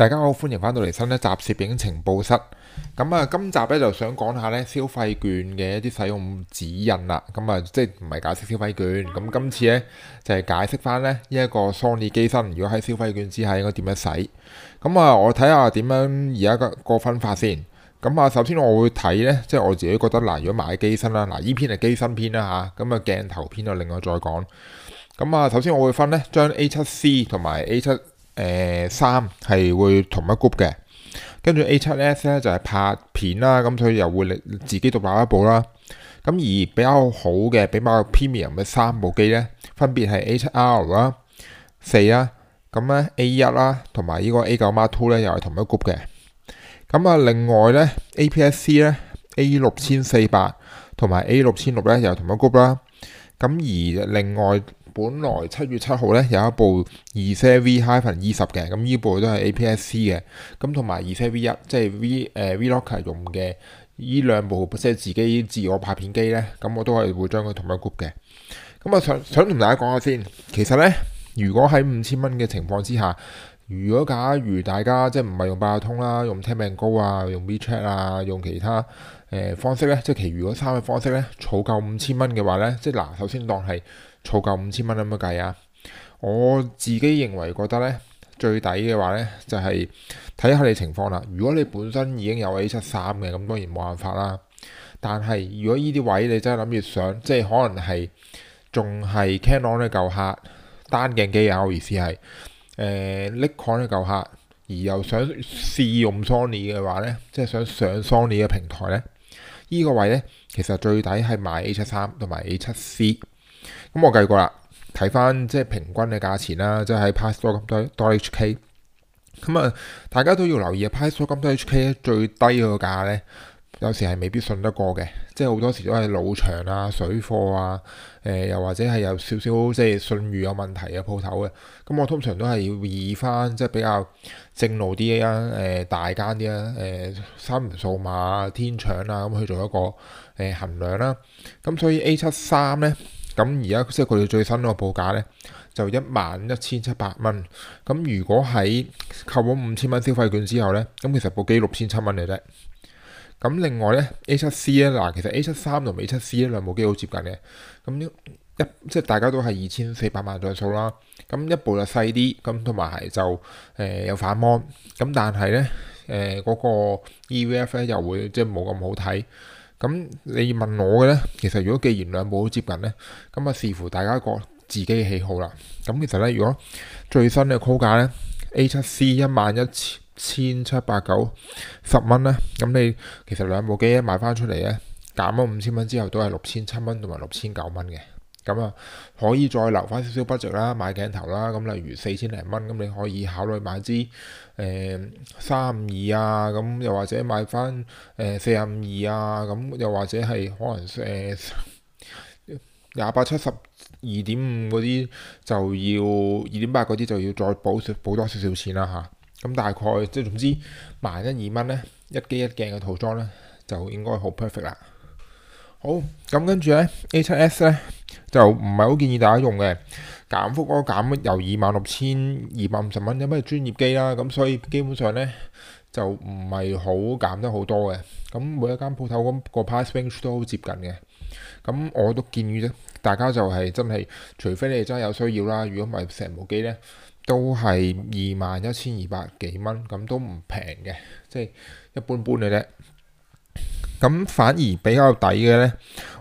大家好，歡迎翻到嚟新一集攝影情報室。咁啊，今集咧就想講下咧消費券嘅一啲使用指引啦。咁啊，即係唔係解釋消費券。咁今次咧就係、是、解釋翻咧呢一個 Sony 機身，如果喺消費券之下應該點樣使。咁啊，我睇下點樣而家個分法先。咁啊，首先我會睇咧，即係我自己覺得嗱、呃，如果買機身啦，嗱、呃、呢篇係機身篇啦吓。咁啊，鏡頭篇就另外再講。咁啊，首先我會分咧，將 A 七 C 同埋 A 七。誒、呃、三係會同一 group 嘅，跟住 A 七 S 咧就係、是、拍片啦，咁、嗯、佢又會你自己獨立一部啦。咁、嗯、而比較好嘅，比較 premium 嘅三部機咧，分別係 A 七 R 啦、四啦，咁、嗯、咧 A 一啦，同埋呢個 A 九 Mark Two 咧又係同一 group 嘅。咁、嗯、啊，另外咧 A P S C 咧 A 六千四百同埋 A 六千六咧又同一 group 啦。咁、嗯、而另外。本來七月七號咧有一部 ZV-E10 嘅，咁、e、呢部都係 APS-C 嘅，咁同埋 ZV-1、呃 er，即係 V 誒 Vlogger 係用嘅，呢兩部即係自己自我拍片機咧，咁我都係會將佢同一 group 嘅。咁啊想想同大家講下先，其實咧如果喺五千蚊嘅情況之下，如果假如大家即係唔係用八達通啦，用 Tap & Go 啊，用 WeChat 啊，用其他誒、呃、方式咧，即係其餘嗰三個方式咧，儲夠五千蚊嘅話咧，即係嗱，首先當係。儲夠五千蚊咁樣計啊！我自己認為覺得咧，最抵嘅話咧，就係睇下你情況啦。如果你本身已經有 A 七三嘅，咁當然冇辦法啦。但係如果依啲位你真係諗住想，即係可能係仲係 Canon 嘅舊客，單鏡機啊，我意思係誒 Nikon 嘅舊客，而又想試用 Sony 嘅話咧，即係想上 Sony 嘅平台咧，依、依個位咧其實最抵係買 A 七三同埋 A 七 C。咁我計過啦，睇翻即係平均嘅價錢啦，即、就、係、是、喺 Pass 多金多 HK。咁啊，大家都要留意啊，Pass 多金堆 HK 咧最低個價咧，有時係未必信得過嘅，即係好多時都係腦場啊、水貨啊、誒、呃、又或者係有少少即係信譽有問題嘅鋪頭嘅。咁我通常都係要以翻即係比較正路啲啊、誒、呃、大間啲啊、誒、呃、三元數碼啊、天搶啊咁去做一個誒、呃、衡量啦、啊。咁所以 A 七三咧。咁而家即係佢哋最新嗰個報價咧，就一萬一千七百蚊。咁如果喺扣咗五千蚊消費券之後咧，咁其實部機六千七蚊嘅啫。咁另外咧，A 七 C 咧，嗱，其實 A 七三同 A 七 C 呢兩部機好接近嘅。咁一，一即係大家都係二千四百萬像素啦。咁一部就細啲，咁同埋係就誒、呃、有反芒。咁但係咧，誒、呃、嗰、那個 EVF 咧又會即係冇咁好睇。咁你問我嘅咧，其實如果既然兩部好接近咧，咁啊，視乎大家個自己嘅喜好啦。咁其實咧，如果最新嘅估價咧 A 七 C 一萬一千七百九十蚊咧，咁你其實兩部機一買翻出嚟咧，減咗五千蚊之後都係六千七蚊同埋六千九蚊嘅。咁啊，可以再留翻少少 budget 啦，買鏡頭啦。咁例如四千零蚊，咁你可以考慮買支誒三五二啊，咁又或者買翻誒四廿五二啊，咁又或者係可能誒廿八七十二點五嗰啲就要二點八嗰啲就要再補少補多少少錢啦吓，咁、啊、大概即係總之萬一二蚊咧，一機一鏡嘅套裝咧，就應該好 perfect 啦。好，咁跟住咧，A 七 S 咧。就唔係好建議大家用嘅減幅嗰個減由二萬六千二百五十蚊，有咩專業機啦？咁所以基本上呢，就唔係好減得好多嘅。咁每一間鋪頭咁個 price range 都好接近嘅。咁我都建議咧，大家就係真係，除非你真係有需要啦。如果唔係成部機呢，都係二萬一千二百幾蚊，咁都唔平嘅，即係一般般嘅啫。咁反而比較抵嘅咧，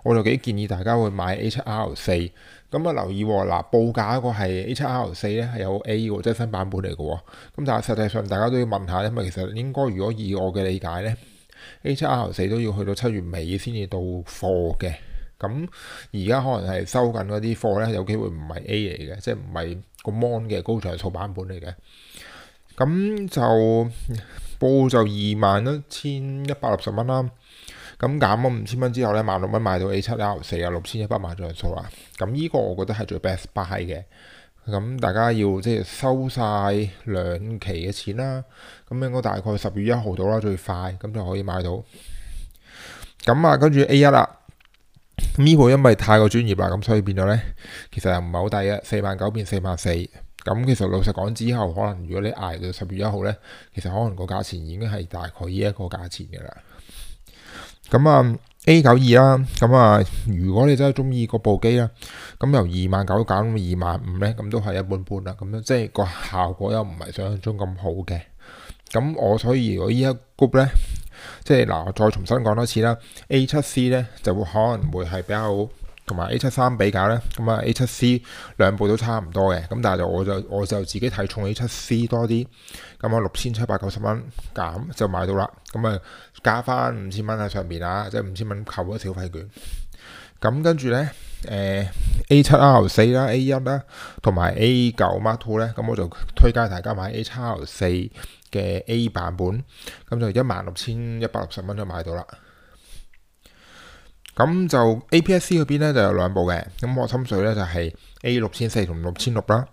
我就幾建議大家會買 H R 四。咁啊留意嗱、哦啊，報價嗰個係 H R 四咧，係有 A 喎，即係新版本嚟嘅喎。咁但係實際上大家都要問下，因為其實應該如果以我嘅理解咧，H R 四都要去到七月尾先至到貨嘅。咁而家可能係收緊嗰啲貨咧，有機會唔係 A 嚟嘅，即係唔係個 mon 嘅高長數版本嚟嘅。咁就報就二萬一千一百六十蚊啦。咁減咗五千蚊之後咧，萬六蚊買到 A 七 R 四啊，六千一百萬像素啦。咁呢個我覺得係最 best buy 嘅。咁大家要即係收晒兩期嘅錢啦。咁應該大概十月一號到啦，最快咁就可以買到。咁啊，跟住 A 一啦。咁呢部因為太過專業啦，咁所以變咗咧，其實又唔係好低啊。四萬九變四萬四。咁其實老實講之後，可能如果你捱到十月一號咧，其實可能個價錢已經係大概呢一個價錢嘅啦。咁啊 A 九二啦，咁啊如果你真係中意嗰部機啦，咁由二萬九減二萬五咧，咁都係一般般啦，咁樣即係個效果又唔係想象中咁好嘅。咁我所以如果依一 group 咧，即係嗱我再重新講多次啦，A 七 C 咧就會可能會係比較同埋 A 七三比較咧，咁啊 A 七 C 兩部都差唔多嘅，咁但係就我就我就自己睇重 A 七 C 多啲，咁我六千七百九十蚊減就買到啦，咁啊加翻五千蚊喺上邊啊，即係五千蚊扣咗消費券。咁跟住咧，誒 A 七 R 四啦、A 一啦，同埋 A 九 Mark Two 咧，咁我就推介大家買 A 七 R 四嘅 A 版本，咁就一萬六千一百六十蚊就買到啦。咁就 APS-C 嗰邊咧就有兩部嘅，咁我心水咧就係、是、A 六千四同六千六啦。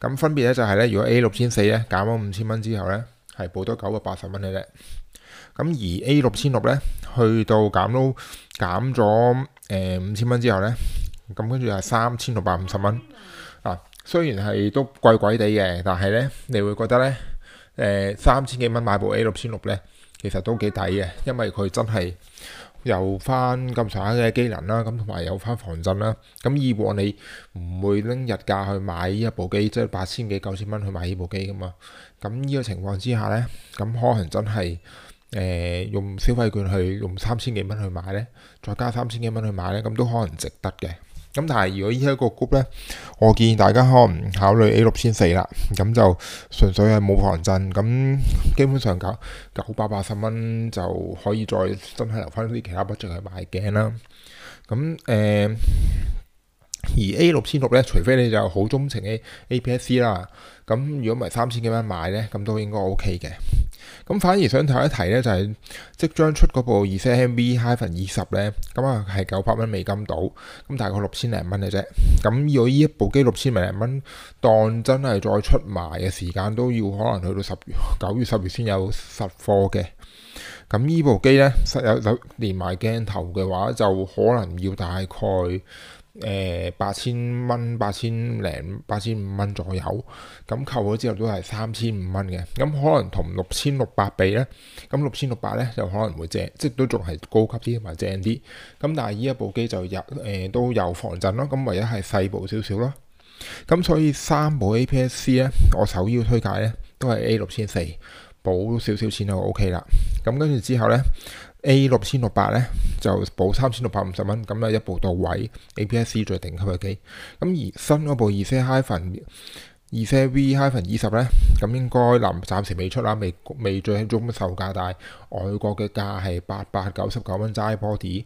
咁分別咧就係、是、咧，如果 A 六千四咧減咗五千蚊之後咧，係補多九百八十蚊嘅啫。咁而 A 六千六咧去到減都減咗誒五千蚊之後咧，咁跟住係三千六百五十蚊。嗱、啊，雖然係都貴貴地嘅，但係咧你會覺得咧，誒三千幾蚊買部 A 六千六咧，其實都幾抵嘅，因為佢真係。有返咁上下嘅機能啦，咁同埋有返防震啦，咁以往你唔會拎日價去買呢一部機，即係八千幾九千蚊去買呢部機㗎嘛，咁呢個情況之下呢，咁可能真係誒用消費券去用三千幾蚊去買呢，再加三千幾蚊去買呢，咁都可能值得嘅。咁但係如果依家個 group 咧，我建議大家可能考慮 A 六千四啦，咁就純粹係冇防震，咁基本上九千九百八十蚊就可以再真係留翻啲其他 budget 去買鏡啦，咁誒。欸而 A 六千六咧，除非你就好鍾情 A A P S C 啦，咁如果唔係三千幾蚊買咧，咁都應該 O K 嘅。咁反而想提一提咧，就係、是、即將出嗰部二三 M V High 分二十咧，咁啊係九百蚊美金到，咁大概六千零蚊嘅啫。咁如果呢一部機六千零蚊，當真係再出賣嘅時間都要可能去到十月九月十月先有實貨嘅。咁呢部機咧，實有有連埋鏡頭嘅話，就可能要大概。誒八千蚊、八千零、八千五蚊左右，咁扣咗之後都係三千五蚊嘅，咁可能同六千六百比咧，咁六千六百咧就可能會正，即都仲係高級啲同埋正啲，咁但係依一部機就有誒、呃、都有防震咯，咁唯一係細部少少咯，咁所以三部 APS C 咧，我首要推介咧都係 A 六千四，補少少錢就 O K 啦，咁跟住之後咧。A 六千六百咧就保三千六百五十蚊，咁啊一步到位，APS-C 最頂級嘅機。咁而新嗰部二 c hyphen 二 c v hyphen 二十咧，咁應該臨暫時未出啦，未未最起中咁售價大，但係外國嘅價係八百九十九蚊齋 body，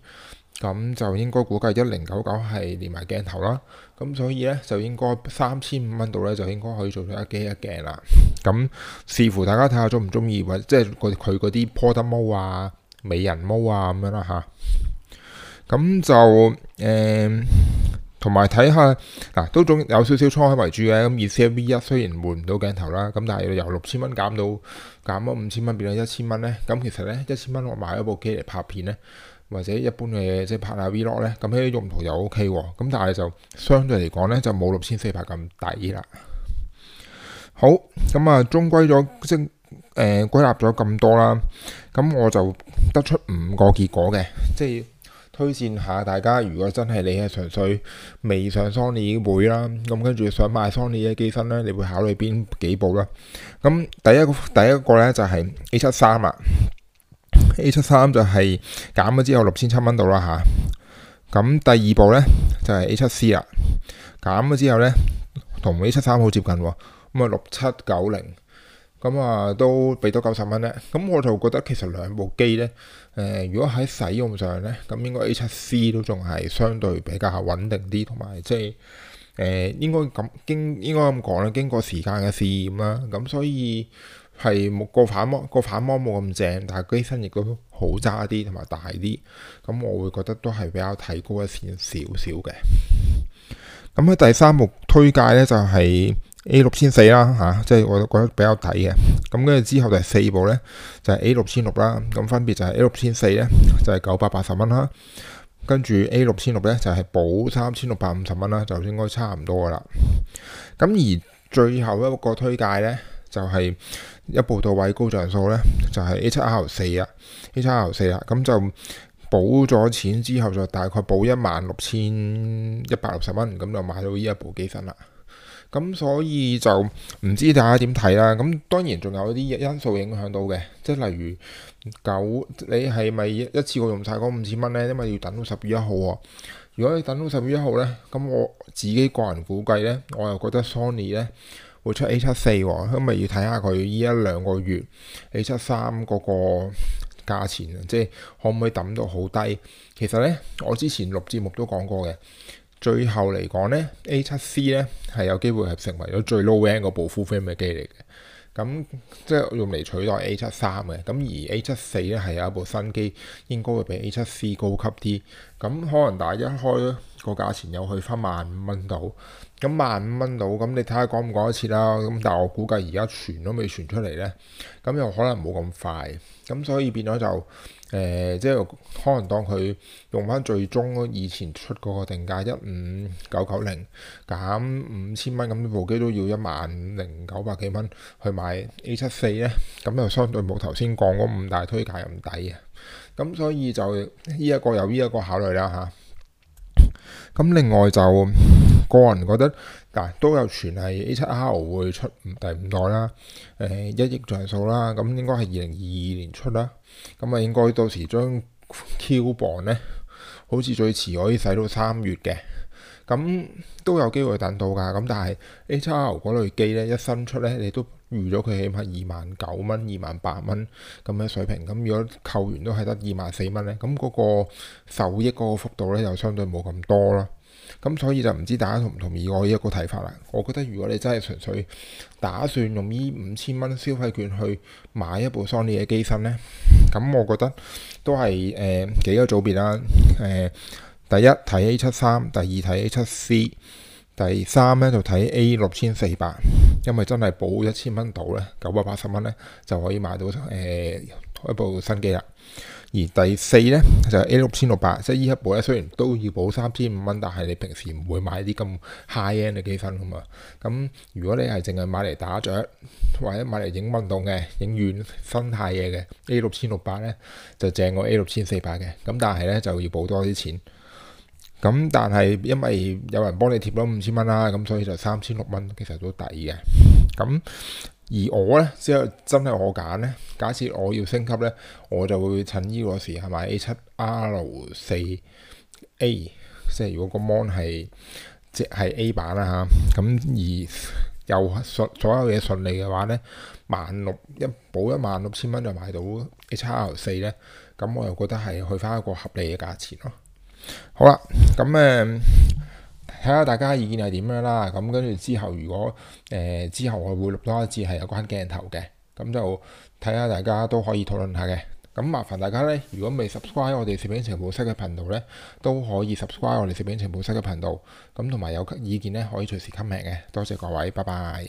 咁就應該估計一零九九係連埋鏡頭啦。咁所以咧就應該三千五蚊度咧就應該可以做出一機一鏡啦。咁視乎大家睇下鍾唔鍾意，或者即係佢佢嗰啲 portable 啊。美人毛啊咁樣啦吓，咁就誒同埋睇下嗱、啊、都仲有少少倉喺為主嘅咁，而 C V 一、啊、雖然換唔到鏡頭啦，咁但係由六千蚊減到減咗五千蚊變咗一千蚊咧，咁其實咧一千蚊我買一部機嚟拍片咧，或者一般嘅即係拍下 Vlog 咧，咁喺用途又 OK 喎，咁但係就相對嚟講咧就冇六千四百咁抵啦。好，咁啊中歸咗升。嗯即誒，歸納咗咁多啦，咁我就得出五個結果嘅，即係推薦下大家，如果真係你係純粹未上 Sony 已經會啦，咁跟住想買 Sony 嘅機身咧，你會考慮邊幾部啦？咁第一第一個咧就係、是、A 七三啊，A 七三就係減咗之後六千七蚊度啦吓，咁第二部咧就係、是、A 七 C 啦，減咗之後咧同 A 七三好接近，咁啊六七九零。咁啊，都俾多九十蚊咧。咁我就覺得其實兩部機咧，誒、呃，如果喺使用上咧，咁應該 A7C 都仲係相對比較穩定啲，同埋即係誒應該咁經應該咁講啦，經過時間嘅試驗啦。咁所以係冇個反芒，個反芒冇咁正，但係機身亦都好渣啲同埋大啲。咁我會覺得都係比較提高一線少少嘅。咁咧第三部推介咧就係、是。A 六千四啦，吓，即係我都覺得比較抵嘅。咁跟住之後就係四部咧，就係、是、A 六千六啦。咁分別就係 A 六千四咧，就係九百八十蚊啦。跟住 A 六千六咧，就係補三千六百五十蚊啦，就應該差唔多噶啦。咁而最後一個推介咧，就係、是、一步到位高像素咧，就係 A 七 R 四啊，A 七 R 四啦。咁就補咗錢之後，就大概補一萬六千一百六十蚊，咁就買到呢一部機身啦。咁所以就唔知大家點睇啦。咁當然仲有一啲因素影響到嘅，即係例如九，你係咪一次過用晒嗰五千蚊咧？因為要等到十月一號喎。如果你等到十月一號咧，咁我自己個人估計咧，我又覺得 Sony 咧會出 A 七四喎，因為要睇下佢依一兩個月 A 七三嗰個價錢啊，即係可唔可以揼到好低。其實咧，我之前錄節目都講過嘅。最後嚟講呢 A 七 C 呢係有機會係成為咗最 low end 嗰部 full frame 嘅機嚟嘅。咁即係用嚟取代 A 七三嘅。咁而 A 七四呢係有一部新機，應該會比 A 七 C 高級啲。咁可能大係一開、呢個價錢有去翻萬五蚊到。咁萬五蚊到，咁你睇下講唔講得切啦。咁但係我估計而家傳都未傳出嚟呢，咁又可能冇咁快。咁所以變咗就。誒、呃，即係可能當佢用翻最終以前出嗰個定價一五九九零減五千蚊，咁部機都要一萬零九百幾蚊去買 A 七四咧，咁就相對冇頭先講嗰五大推介咁抵啊！咁所以就呢一個有呢一個考慮啦吓，咁、啊、另外就。個人覺得，嗱、啊、都有傳係 A 七 R 會出唔第五代啦，誒、呃、一億像素啦，咁應該係二零二二年出啦。咁啊，應該到時將 Q 磅咧，好似最遲可以使到三月嘅，咁都有機會等到㗎。咁但係 A 七 R 嗰類機咧一新出咧，你都預咗佢起碼二萬九蚊、二萬八蚊咁嘅水平。咁如果扣完都係得二萬四蚊咧，咁嗰個收益嗰個幅度咧又相對冇咁多啦。咁所以就唔知大家同唔同意我呢一個睇法啦？我覺得如果你真係純粹打算用呢五千蚊消費券去買一部 Sony 嘅機身呢，咁我覺得都係誒、呃、幾個組別啦。誒、呃，第一睇 A 七三，第二睇 A 七 C，第三咧就睇 A 六千四百，因為真係補一千蚊到咧，九百八十蚊咧就可以買到誒、呃、一部新機啦。而第四咧就係 A 六千六百，即係呢一部咧雖然都要補三千五蚊，但係你平時唔會買啲咁 high end 嘅機身噶嘛。咁如果你係淨係買嚟打雀，或者買嚟影運動嘅、影院、生態嘢嘅 A 六千六百咧就正過 A 六千四百嘅。咁但係咧就要補多啲錢。咁但係因為有人幫你貼咗五千蚊啦，咁所以就三千六蚊其實都抵嘅。咁而我咧，即係真係我揀咧。假設我要升級咧，我就會趁依個時買 A 七 R 四 A，即係如果個 mon 係即係 A 版啦、啊、嚇。咁而又順所有嘢順利嘅話咧，萬六一補，一萬六千蚊就買到 A 七 R 四咧。咁我又覺得係去返一個合理嘅價錢咯、啊。好啦，咁誒。嗯睇下大家意見係點樣啦，咁跟住之後如果誒、呃、之後我會錄多一次係有關鏡頭嘅，咁就睇下大家都可以討論下嘅。咁麻煩大家咧，如果未 subscribe 我哋攝影情報室嘅頻道咧，都可以 subscribe 我哋攝影情報室嘅頻道。咁同埋有意見咧，可以隨時 comment 嘅。多謝各位，拜拜。